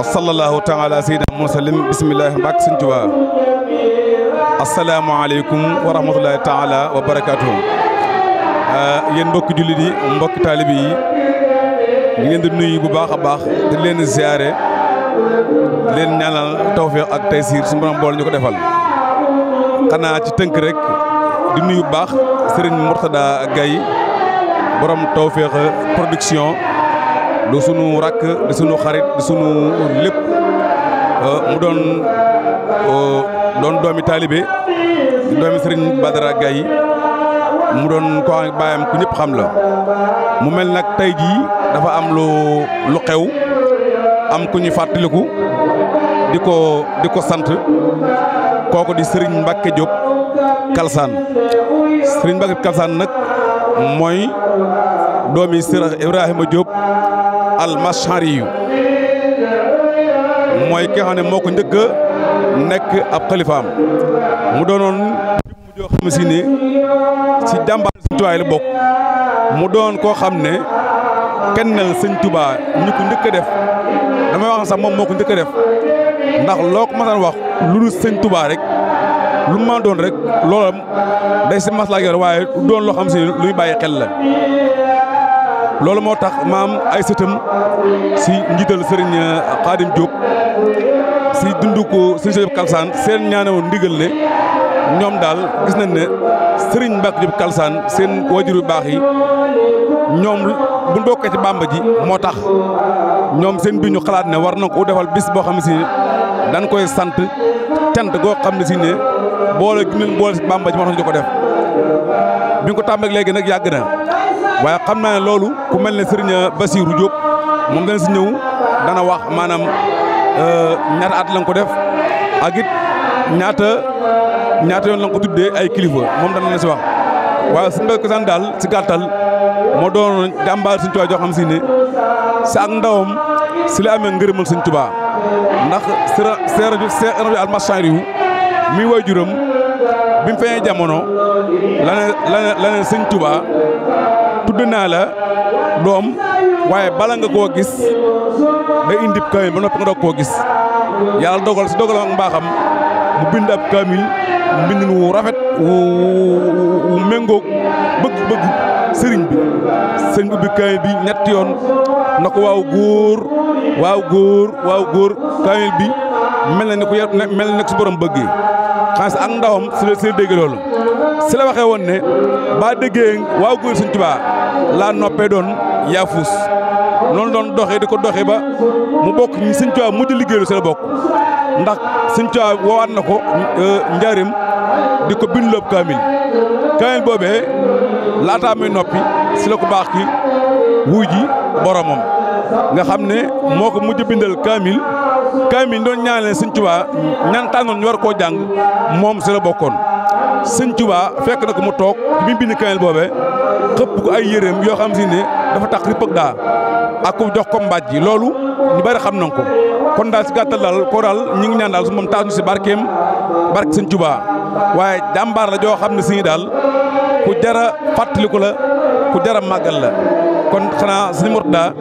wa sallallahu taala sayyidina musalim bisimilah mbak sëñ Tuubaa asalaamualeykum wa rahmatulahi taala wa barakaatuhu uh, yéen mbokki jullit yi mbokki taalibi yi ñu leen di nuyu bu baax a baax di leen ziare di leen ñaanal tawfiq ak taysiir suñu borom bool ñu ko defal xanaa ci tënk rek di nuyu bu baax Serigne Mourtada Gaye borom tawfiq production. du sunu rakk du sunu xarit du sunu lépp euh, mu doon euh, doon doomi taalibe doomi Serigne Badara Gaye mu doon ko baayam ku ñëpp xam la mu mel nag tey jii dafa am lu lu xew am ku ñuy fàttaliku di ko di ko sant kooku di Serigne Mbacke Diop Kalsaan sëriñ Mbacke Kalsaan nag mooy doomi Serigne Ibrahima Diop. almashariyu mooy ki xam ne moo ko njëkk nekk ab xalifaam mu doonoon jëmm joo xam si ne si jàmbaar Sëñ Tuubaa la bokk mu doon koo xam ne kennal Sëñ Tuubaa ñu ko njëkk a def damay wax sax moom moo ko njëkk a def ndax loo ko masaan wax lu dul Sëñ rek lu ma doon rek loolam day si maslaa waaye doon loo xam si ne luy bàyyi xel la loolu moo tax maam ay sëtam si njiital sëriñ Xaadim euh, Diop si dundu ko sëriñ Sëriñ Kalsaan seen ñaanewu ndigal le ñoom daal gis nañ ne sëriñ Mbàkke Diop Kalsaan seen wajur yu baax yi ñoom bu bokkee ci bàmba ji moo tax ñoom seen bi ñu xalaat ne war na ko defal bis boo xam ne si dañ koy sant cant goo xam ne si ne boole gi mu boole si bàmba ji moo tax ñu ko def bi ñu ko tàmbalee léegi nag yàgg na. waaye xam naa ne loolu ku mel ne Serigne Bassirou Diop moom dana si ñëw dana wax maanaam euh, ñaata at lañ ko def ak ñaata ñaata yoon lañ ko tuddee ay kilifa moom dana la si wax. waaye suñu mbéyum kosaan daal si gàttal moo doon jàmbaar Sëñ Tuubaa joo xam si ne si ak ndawam si la amee ngërëmal Sëñ Tuubaa ndax Serigne Serigne Serigne Almasari mi way juram bi mu feeñee jamono la ne la ne tudd naa la doom waaye bala nga koo gis day indib kaamil ba noppi nga doog koo gis yàlla dogal si dogalam ak mbaaxam mu bind ab kaamil mbind wu rafet wu wu méngoog bëgg-bëgg sëriñ bi sëriñ ubbi kaamil bi ñetti yoon na ko waaw góor waaw góor waaw góor kaamil bi mel na ni ku yar mel na ni si borom bëggee xanaa si ak ndawam si la si la si la waxee woon ne baa déggee waaw góor Sëriñ Tuubaa laa noppee doon yaafus noonu doon doxe di ko doxe ba mu bokk ñi Sëñ Tuubaa mujj liggéeylu si la bokk ndax Sëñ Tuubaa woowaat na ko euh, njaarim di ko bind loob kaamil kaamil boobee laataa muy noppi si la ko baax ki ji boromam nga xam ne moo ko mujj bindal kaamil kaamil doon ñaanale Sëñ Tuubaa ñaan tànnoon ñu koo jàng moom si la bokkoon Sëñ Tuubaa fekk na ko mu toog bi mu bind kaamil xëpp ko ay yéreem yoo xam si ne dafa tax rippëg daa ak ko jox ko mbaaj ji loolu ñu bari xam nañ ko kon daa si gàttal daal koo daal ñu ngi ñaan daal su moom taas si barkeem barke sëñ Tuubaa waaye jàmbaar la joo xam ne si daal ku jara fàttaliku la ku jara màggal la kon xanaa sëñ Murtada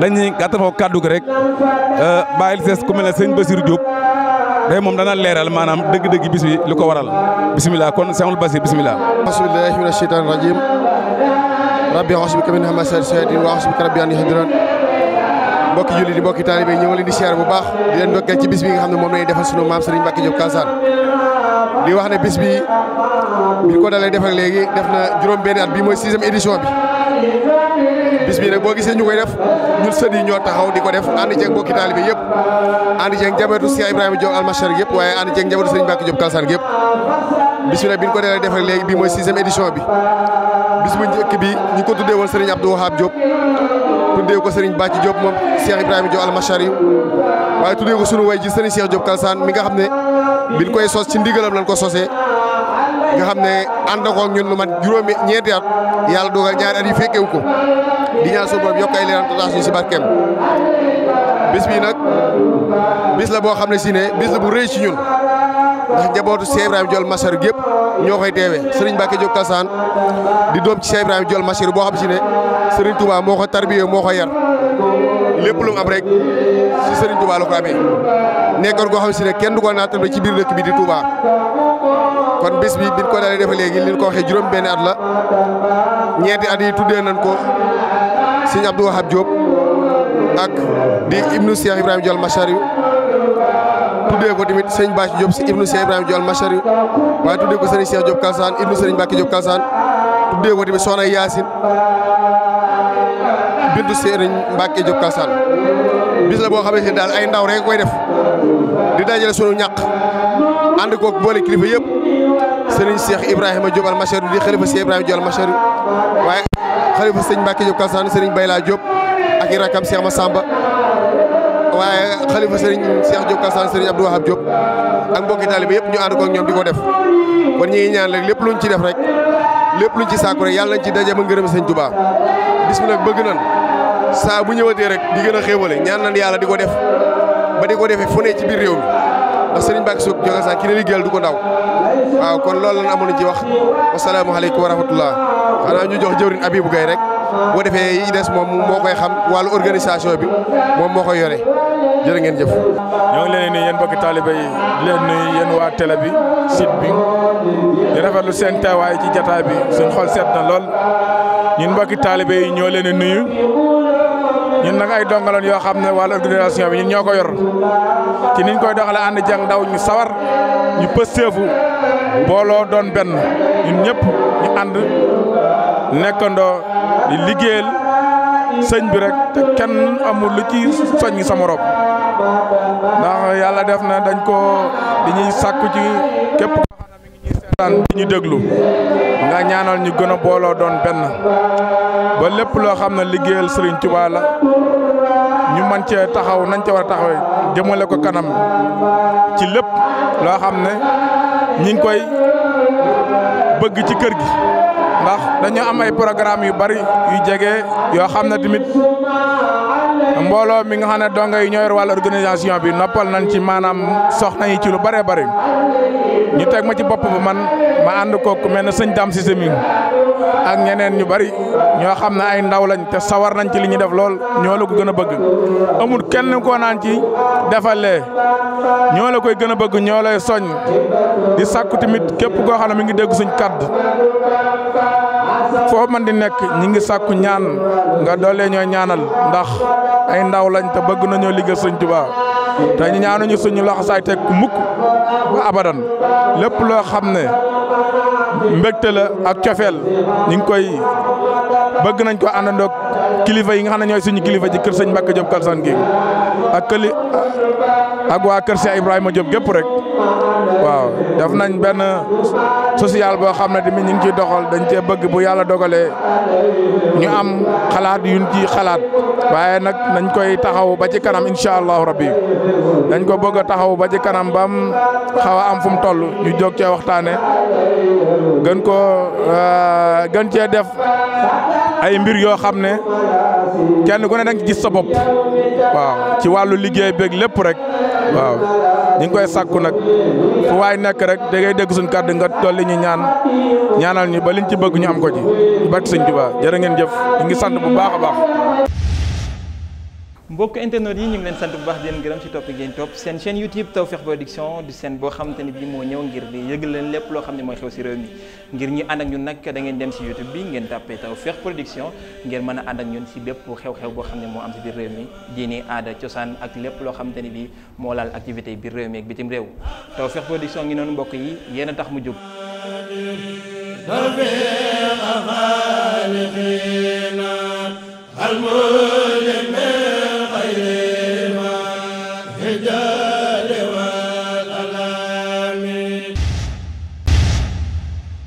dañuy gàttal foofu kàddu gi rek euh, bàyyil sees ku mel ne sëñ Basiru Diop day moom dana leeral maanaam dëgg-dëgg bis li ko waral bisimilah kon sëñ Basir bisimilah. bisimilah mina shaytaani rajiim rabbi xos bi ka min hamasal sayaatin wa xos bi ka rabbi an yahduran mbokki julli di mbokki taalibe ñoo leen di siyaar bu baax di leen ndokkeel ci bis bi nga xam ne moom lañuy defal sunu maam Serigne Mbacké Diop Kalsane di wax ne bis bi bi ko dalee defal léegi def na juróom benn bi mooy sixième édition bi bis bi nag boo gisee ñu koy def ñu sët ñoo taxaw di ko def ànd ceeg mbokki taalibe yëpp ànd ceeg njabootu Cheikh Ibrahima Diop almachar yëpp waaye ànd ceeg njabootu Serigne Mbacké Diop Kalsane yëpp bis bi nag bi ñu ko dalee defal léegi bi mooy sixième édition bi bis bu njëkk bi ñu ko tuddee woon sëriñ Abdou Wahab Diop tuddee ko sëriñ Bàcci Diop moom Cheikh Ibrahima Diop almashari waaye tuddee ko sunu way ji sëriñ Cheikh Diop Kalsaan mi nga xam ne biñ koy sos ci ndigalam lañ ko sosee nga xam ne ànd ko ñun lu mat juróomi ñeenti at yàlla dogal ñaari at yi fekkewu ko di ñaan suñu borom yokk leeram tataas ñu si barkeem bis bi nag bis la boo xam ne si ne bis la bu rëy ci ñun ndax njabootu Cheikh Ibrahima Diol Massar yëpp ñoo koy teewee Serigne Mbacke Diop Kassane di doom ci Cheikh Ibrahima Diol Massar boo xam si ne Serigne Touba moo ko tarbiyee moo ko yar lépp lu mu am rek si Serigne Touba la ko amee nekkoon koo xam si ne kenn du ko naatam ci biir dëkk bi di Touba. kon bis bi biñ ko dalee defe léegi liñ ko waxee juróom benn at la ñeenti at yi tuddee nañ ko Serigne Abdou Wahab Diop ak di ibnu Cheikh Ibrahima Diol Massar tuddee ko tamit sëñ Bass Diop si ibnu Cheikh Ibrahima Diol Machari waaye tuddee ko sëriñ Cheikh Diop Kalsaan ibnu sëriñ Mbacke Diop Kalsaan tuddee ko tamit soxna Yaasin bintu sëriñ Mbacke Diop Kalsaan bis la boo xamante ne daal ay ndaw rek koy def di dajale sunu ñàq ànd koog boole kilifa yëpp sëriñ Cheikh Ibrahima Diop al Machari di xalifa Cheikh Ibrahima Diol Machari waaye xalifa sëñ Mbacke Diop Kalsaan sëriñ Bayla Diop ak i rakkam Cheikh Massamba waaye xalifa sëriñ Cheikh Diop Kassane sëriñ Abdou Wahab Diop ak mbokki taalibe yëpp ñu ànd ko ñoom di ko def kon ñi ñaan rek lépp luñ ci def rek lépp luñ ci sàkku rek yàlla nañ ci daje ma ngërëm sëñ Touba bis nag bëgg nan saa bu ñëwatee rek di gën a xéewale ñaan nan yàlla di ko def ba di ko defee fu ne ci biir réew mi ndax sëriñ Mbacke Diop Kassane ki ne liggéeyal du ko ndaw waaw kon loolu lan amoon ci wax wasalaamaaleykum wa rahmatullah ñu jox jëwriñ Abibou Gaye rek boo defee yi des moom moo koy xam wàllu organisation bi moom moo koy yore jërë ngeen jëf. ñoo ngi leen ni yéen mbokki yi leen nuyu yéen waa télé bi site bi di rafetlu seen teewaay ci jataay bi suñ xol seet na lool ñun mbokki taalibe yi ñoo leen di nuyu. ñun nag ay dongaloon yoo xam ne wàllu organisation bi ñun ñoo ko yor ci niñ koy doxalee ànd jàng ndaw ñu sawar ñu pësteefu booloo doon benn ñun ñëpp ñu ànd nekkandoo. di liggéeyal sëñ bi rek te kenn amul lu ci soññ sa morom ndax yàlla def na dañ ko di ñuy sàkku ci képp koo xam ne ñuy seetaan di ñu déglu nga ñaanool ñu gën a booloo doon benn ba lépp loo xam ne liggéeyal Serigne Touba la ñu mën cee taxaw nañ ca war a taxawee jëmale ko kanam ci lépp loo xam ne ñi koy bëgg ci kër gi ndax dañoo am ay programme yu bari yu jege yoo xam ne tamit mbooloo mi nga xam ne donga yi ñoo yor wàllu organisation bi noppal nañ ci maanaam soxna yi ci lu bëree bëri ñu teg ma ci bopp ba man ma ànd ko ku mel ne sëñ Dame si mi ak ñeneen ñu bari ñoo xam na ay ndaw lañ te sawar nañ ci li ñu def lool ñoo la ko gën a bëgg amul kenn koo naan ci defalee ñoo la koy gën a bëgg ñoo lay soñ di sàkku tamit képp koo xam ne mi ngi dégg suñ kàddu foo man di nekk ñi ngi sàkku ñaan nga doole ñoo ñaanal ndax ay ndaw lañ te bëgg nañoo liggéey sëñ Tuubaa te ñu ñaanuñu suñu laxasaay teg mukk ba abadan lépp loo xam ne mbégte la ak cofeel ñu ngi koy bëgg nañ ko àndandoo kilifa yi nga xam ne ñooy suñu kilifa ci kër sëñ Mbacke Diop Kalsane gi ak këli ak waa kër Cheikh Ibrahima Diop gépp rek waaw def nañ benn social boo xam ne tamit ñu ngi ciy doxal dañ cee bëgg bu yàlla dogalee ñu am xalaat yuñ ci xalaat waaye nag nañ koy taxaw ba ci kanam incha allahu rabbi dañ ko bëgg a taxaw ba ci kanam bam xaw a am fu mu toll ñu jóg cee waxtaane gën ko euh, gën cee def ay mbir yoo xam ne kenn ku ne da nga gis sa bopp waaw ci wàllu liggéey beeg lépp rek waaw ñu ngi koy sàkku nag fu waay nekk rek da ngay dégg suñ kàddu nga dolli ñu ñaan ñaanal ñu ba liñ ci bëgg ñu am ko ci barke Sëñ Tuubaa jërë ngeen jëf ñu ngi sant bu baax a baax. mbokk internet yi ñu ngi leen sant bu baax di leen ci topp ngeen topp seen chaîne YouTube Tawfekh Production du seen boo xamante ni bii moo ñëw ngir di yëgal lépp loo xam ne mooy xew ci réew mi ngir ñu ànd ak ñun nag da dem ci YouTube bi ngeen tàppee Tawfekh Production ngeen mën a ànd ak ñun ci bépp xew-xew boo xam ne moo am ci biir réew mi diine aada cosaan ak lépp loo xamante ni bii moo laal activité biir réew mi ak bitim réew Tawfekh Production ngi a